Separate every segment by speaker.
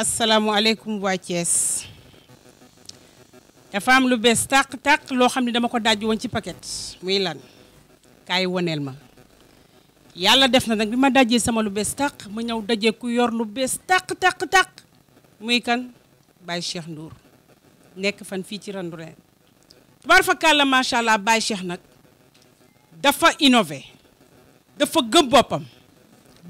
Speaker 1: asalaamualeykum waa Thiès dafa am lu bees tàq-tàq loo xam ne dama ko daj woon ci paquet muy lan kaay woneel ma yàlla def na nag bi ma dajee sama lu bees tàq ma ñëw dajee ku yor lu bees tàq tàq tàq muy kan Baye Cheikh nduur nekk fan fii ci Randoulène tubaar fa kàlla macha allah Baye Cheikh nag dafa innové dafa gëm boppam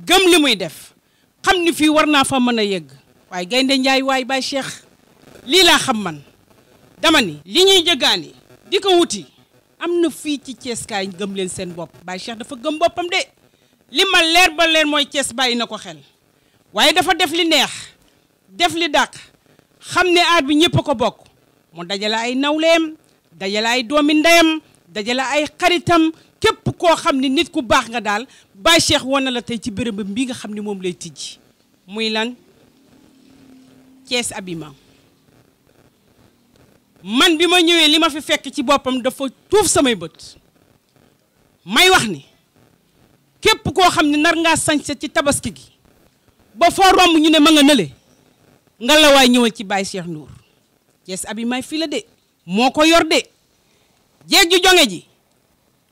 Speaker 1: gëm li muy def xam ni fii war naa fa mën a yëgg waaye gaynde njaay waay baay cheikh lii laa xam man dama ni li ñuy jëggaani di ko wuti am na fii ci Thiès kaay gëm leen seen bopp baay cheikh dafa gëm boppam de li ma leer ba leer mooy cees bàyyi na ko xel waaye dafa def li neex def li dàq xam ne aar bi ñëpp a ko bokk mu dajale ay nawleem dajale ay doomi ndeyam dajale ay xaritam képp koo xam ni nit ku baax nga daal baay cheikh woon na la tey ci bërëb bi nga xam ni moom lay tijji muy lan Yes Abima man bima ñëwé lima fi fekk ci bopam dafa tuuf samay bëtt may wax ni képp ko xamni nar nga sañ ci tabaski gi ba fo romb ñu ne ma nga nële nga la way ñëwal ci Baye Cheikh yes abi Abima fi la dé moko yor dé jeeg jongé ji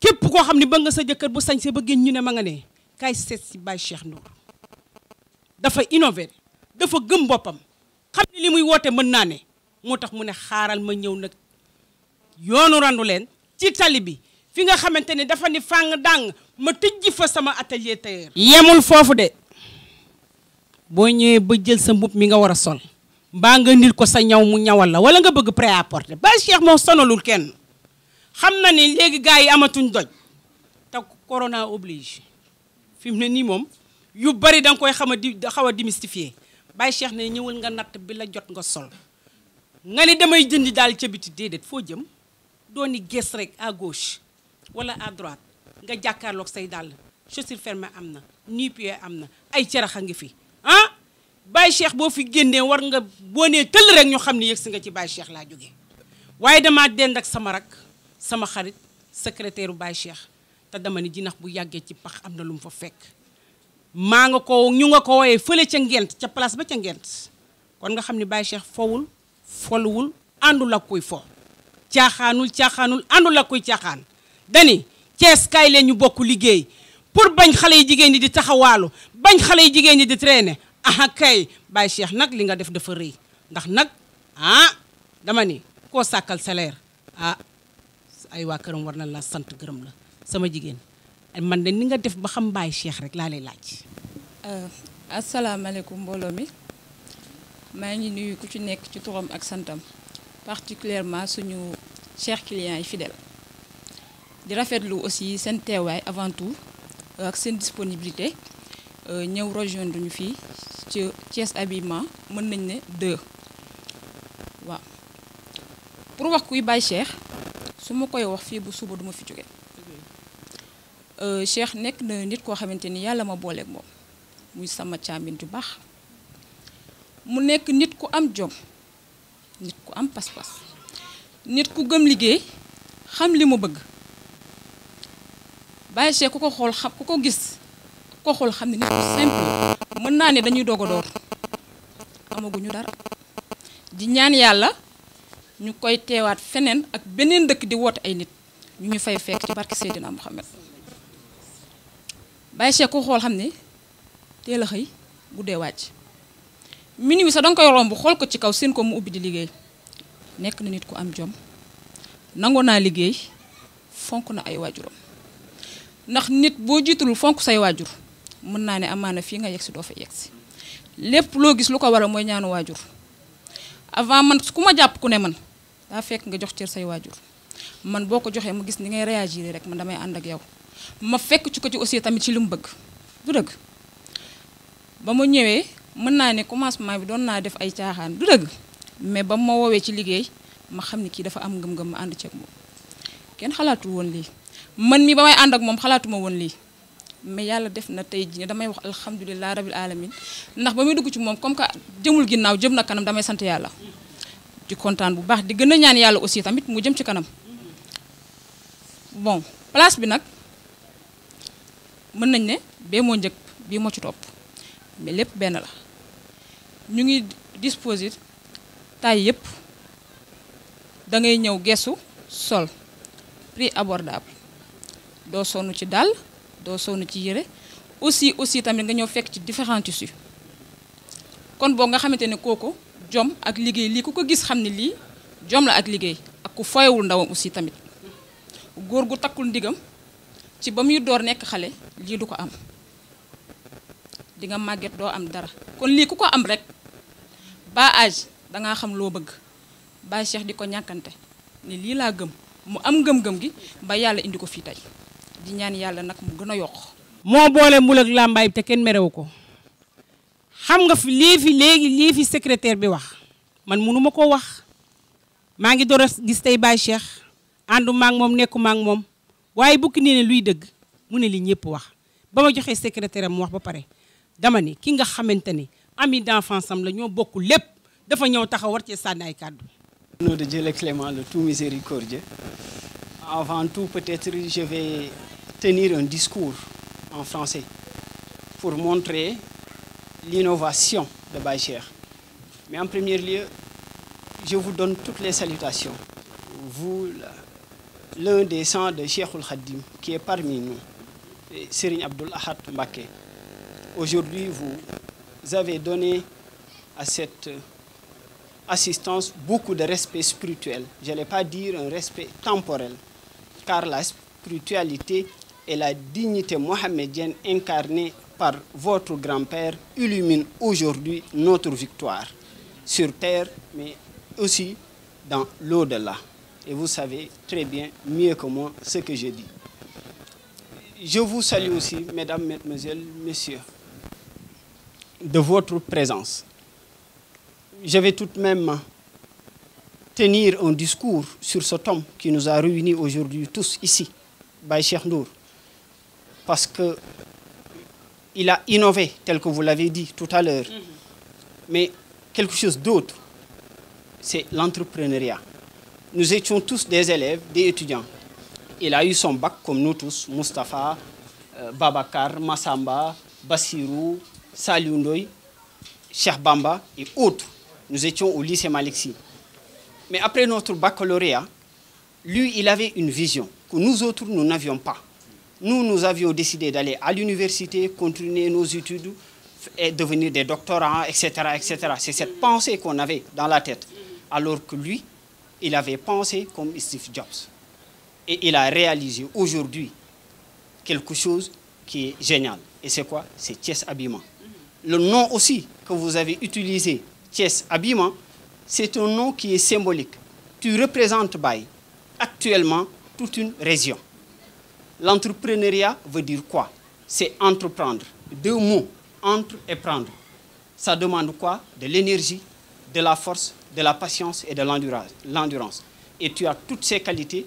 Speaker 1: képp ko xamni ne ba nga sa jëkkeur bu ba ñu ne ma nga né kay sét si Baye Cheikh nour dafa innover dafa gëm bopam xam ne li muy woote mën naa ne moo tax mu ne xaaral ma ñëw nag yoonu randu leen ci tali bi fi nga xamante ni dafa ni fàng dàng ma tëjji fa sama atelier tailleur yemul foofu de boo ñëwee ba jël sa mbubb mi nga war a sol mbaa nga nil ko sa ñaw mu ñawal la wala nga bëgg prêt-à-porter ba Cheikh moo sonalul kenn xam na ni léegi gars yi amatuñ doj te corona oblige fi mu ne nii moom yu bari da koy xam a di xaw a démystifier bay Cheikh ne ñewul nga nat bi la jot nga sol nga ni damay jëndi dal ci biti dedet fo jëm ni gees rek à gauche wala à droite nga ak say dal chaussure ferme amna ni nu amna ay cerax a fi ah bay Cheikh bo fi génnee war nga boo nee rek ñu xamni ne nga ci bay Cheikh la jógee waye dama dend ak sama rak sama xarit secrétaire bay Cheikh ta dama ni jinax bu yagge ci pax amna lu mu fa fekk maa nga ko ñu nga ko woyee fële ca ngent ca place ba ca ngent kon nga xam ni Baye Cheikh fowul foluwul àndul ak kuy fo caaxaanul caaxaanul àndul ak kuy caaxaan dani Cees kaay leen ñu bokk liggéey pour bañ xale yi jigéen ñi di taxawaalu bañ xale yi jigéen ñi di traîner aha kay Baye Cheikh nag li nga def dafa rëy ndax nag ah dama ni koo sàkkal salaire ah ay waa këram war na la sant gërëm la sama jigéen man de ni nga def ba xam Baye Cheikh rek la lay laaj.
Speaker 2: Euh, asalaamaaleykum mbolo mi ma ngi nuyu ku ci nek ci turam ak santam particulièrement suñu chers client yi fidèles di rafetlu aussi sen téway avant tout euh, ak sen disponibilité euh ñëw rejoindre ñu fi ci Thiès Habillement mën nañ ne deux wa pour wax kuy Baye Cheikh su ma koy wax fi bu suba duma fi jóge Euh, Cheikh nekk na nit koo xamante ni yàlla ma booleeg moom muy sama càmmin ju baax mu nekk nit ku am jom nit ku am pas-pas nit ku gëm liggéey xam li mu bëgg Baye Cheikh ku ko xool xam ku ko gis ku ko xool xam ne nit ku
Speaker 1: simple
Speaker 2: mën naa ne dañuy doog amaguñu dara di ñaan yàlla ñu koy teewaat feneen ak beneen dëkk di woote ay nit ñu ñu fay fekk ci barke Seydina Muhammad bàyyi Cheikh ku xool xam ne teel a xëy guddee wàcc minuit wi sax danga koy romb xool ko ci kaw seen ko mu ubbi di liggéey nekk na nit ku am jom nangoo naa liggéey fonk na ay waajuram ndax nit boo jiitalul fonk say waajur mën naa ne amaana fii nga yegsi doo fa yegsi lépp loo gis lu ko waral mooy ñaanu waajur avant man ku ma jàpp ku ne man daa fekk nga jox cër say waajur man boo ko joxee ma gis ni ngay réagir rek man damay ànd ak yow ma fekk ci ko ci aussi tamit ci li mu bëgg du dëgg ba ma ñëwee mën naa ne commencement bi doon naa def ay caaxaan du dëgg mais ba mu ma woowee ci liggéey ma xam ne kii dafa am ngëm-ngëm ma ànd ceeg moom kenn xalaatu woon lii man mii ba may ànd ak moom xalaatuma woon lii mais yàlla def na tey jii damay wax alhamdulilah rabil alamin ndax ba muy dugg ci moom comme que jëmul ginnaaw jëm na kanam damay sant yàlla ci kontaan bu baax di gën a ñaan yàlla aussi tamit mu jëm ci kanam mën nañ ne bee moo njëkk bii moo ci topp mais lépp benn la ñu ngi disposer taille yëpp da ngay ñëw gesu sol prix abordable doo sonn ci dàll doo sonn ci yére aussi aussi tamit nga ñëw fekk ci différents tissus kon boo nga xamante ne kooku jom ak liggéey lii ku ko gis xam ne lii jom la ak liggéey ak ku foyewul ndawam aussi tamit góor gu takkul ndigam ci ba muy door nekk xale li du ko am di nga màgget do am dara kon li ku am rek ba da nga xam lo bëgg ba Cheikh di ko ni li la gëm mu am gëm-gëm gi ba yalla indi ko fi tay di ñaan yalla nak mu gëna yok
Speaker 1: mo moo boole mbul ak lambay te ken méré wuko xam nga fi li fi léegi li fi secrétaire bi wax man mënuma ko wax ma ngi do a gis tay ba Cheikh àndu mom moom nekku maak mom waye bukki ni ne luy deug mu ne li ñepp wax ba ma secrétaire am mu wax ba paré dama ni ki nga xamante ni ami d'enfance am la ñoo bokk lépp dafa ñëw taxaw war cee sànni ay kàddu.
Speaker 3: nom de Dieu le clément le tout miséricordieux avant tout peut-être je vais tenir un discours en français pour montrer l'innovation de Baïcher. Mais en premier lieu, je vous donne toutes les salutations. Vous, l'un des saints de Cheikh Khadim qui est parmi nous. Serigne Abdul Ahad Aujourd'hui, vous avez donné à cette assistance beaucoup de respect spirituel. Je n'allais pas dire un respect temporel, car la spiritualité et la dignité mohammedienne incarnée par votre grand-père illumine aujourd'hui notre victoire sur terre, mais aussi dans l'au-delà. Et vous savez très bien, mieux que moi, ce que je dis. Je vous salue aussi, mesdames, mesdemoiselles, messieurs, de votre présence. Je vais tout de même tenir un discours sur ce tome qui nous a réunis aujourd'hui tous ici, Baye Cheikh parce qu'il a innové, tel que vous l'avez dit tout à l'heure, mhm. mais quelque chose d'autre, c'est l'entrepreneuriat. Nous étions tous des élèves, des étudiants, il a eu son bac comme nous tous, Mustapha, euh, Babakar, Massamba, Bassirou, Ndoy, Cheikh Bamba et autres. Nous étions au lycée Malexi. Mais après notre baccalauréat, lui, il avait une vision que nous autres, nous n'avions pas. Nous, nous avions décidé d'aller à l'université, continuer nos études et devenir des doctorants, etc. C'est cette pensée qu'on avait dans la tête. Alors que lui, il avait pensé comme Steve Jobs. Et il a réalisé aujourd'hui quelque chose qui est génial. Et c'est quoi C'est Thiès Habillement. Le nom aussi que vous avez utilisé, Thiès Habillement, c'est un nom qui est symbolique. Tu représentes Baye actuellement toute une région. L'entrepreneuriat veut dire quoi C'est entreprendre. Deux mots, entre et prendre. Ça demande quoi De l'énergie, de la force, de la patience et de l'endurance. Et tu as toutes ces qualités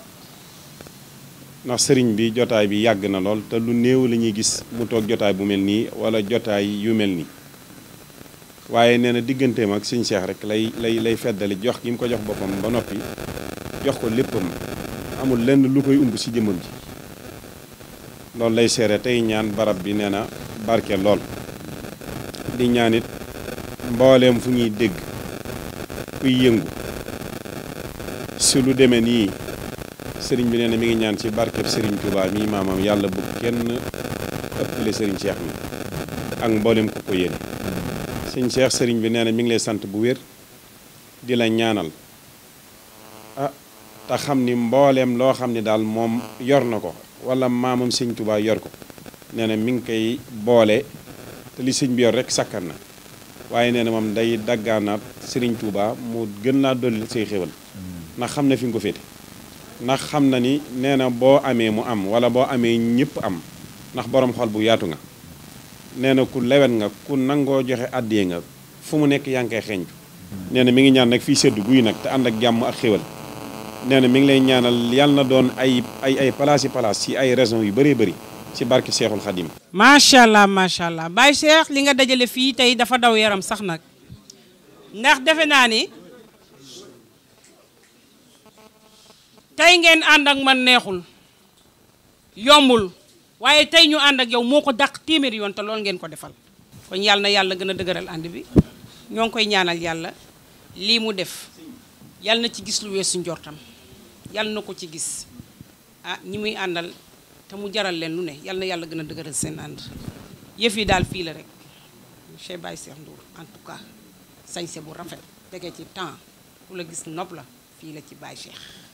Speaker 4: ndax sëriñ bi jotaay bi yàgg na lool te lu néew la ñuy gis mu toog jotaay bu mel nii wala jotaay yu mel nii waaye nee na digganteem ak sëñ Cheikh rek lay lay lay feddali jox gi mu ko jox boppam ba noppi jox ko léppam amul lenn lu koy umb ci jëmmam ji loolu lay seere tey ñaan barab bi nee na barke lool di ñaanit it mbooleem fu ñuy dégg kuy yëngu si lu demee nii sëriñ bi nee na mi ngi ñaan ci barkeb sëriñ Touba mii maamam yàlla bu kenn ëppale sëriñ seex mi ak mboolem ku ko yéene sëriñ Cheikh sëriñ bi nee na mi ngi lay sant bu wér di la ñaanal ah te xam ni mbooleem loo xam ne daal moom yor na ko wala maamam sëriñ Touba yor ko nee na mi ngi koy boole te li sëriñ bi yor rek sakkan na waaye nee na moom day daggaanaat sëriñ Touba mu gën laa dolli say xéwal mm. ndax xam na fi nga ko féete ndax xam na ni nee na boo amee mu am wala boo amee ñëpp am ndax borom xol bu yaatu nga nee na ku lewet nga ku nangoo joxe àddee nga fu mu nekk yaa ngi koy xeeñtu nee na mi ngi ñaan fii seddu guy nag te ànd ak jàmm ak xéwal nee na mi ngi lay ñaanal yàlla na doon ay ay ay palaas yi si ay raison yu bëree bëri ci barki Seexul Xadim.
Speaker 1: macha allah macha allah Baye Cheikh li nga dajale fii tey dafa daw yaram sax nag ndax defe naa ni. tey ngeen ànd ak man neexul yombul waaye tey ñu ànd ak yow moo ko dàq téeméeri yoon te loolu ngeen ko defal kon yàlla na yàlla gën a dëgëral ànd bi ñoo ngi koy ñaanal yàlla lii mu def yàlla na ci gis lu weesu njortam yàlla na ko ci gis ah ñi muy àndal te mu jaral leen lu ne yàlla yàlla gën a dëgëral seen ànd yëf yi daal fii la rek monsieur Baye Cheikh Ndour en tout cas sañse bu rafet tegee ci temps ku la gis nopp la fii la ci Baye Cheikh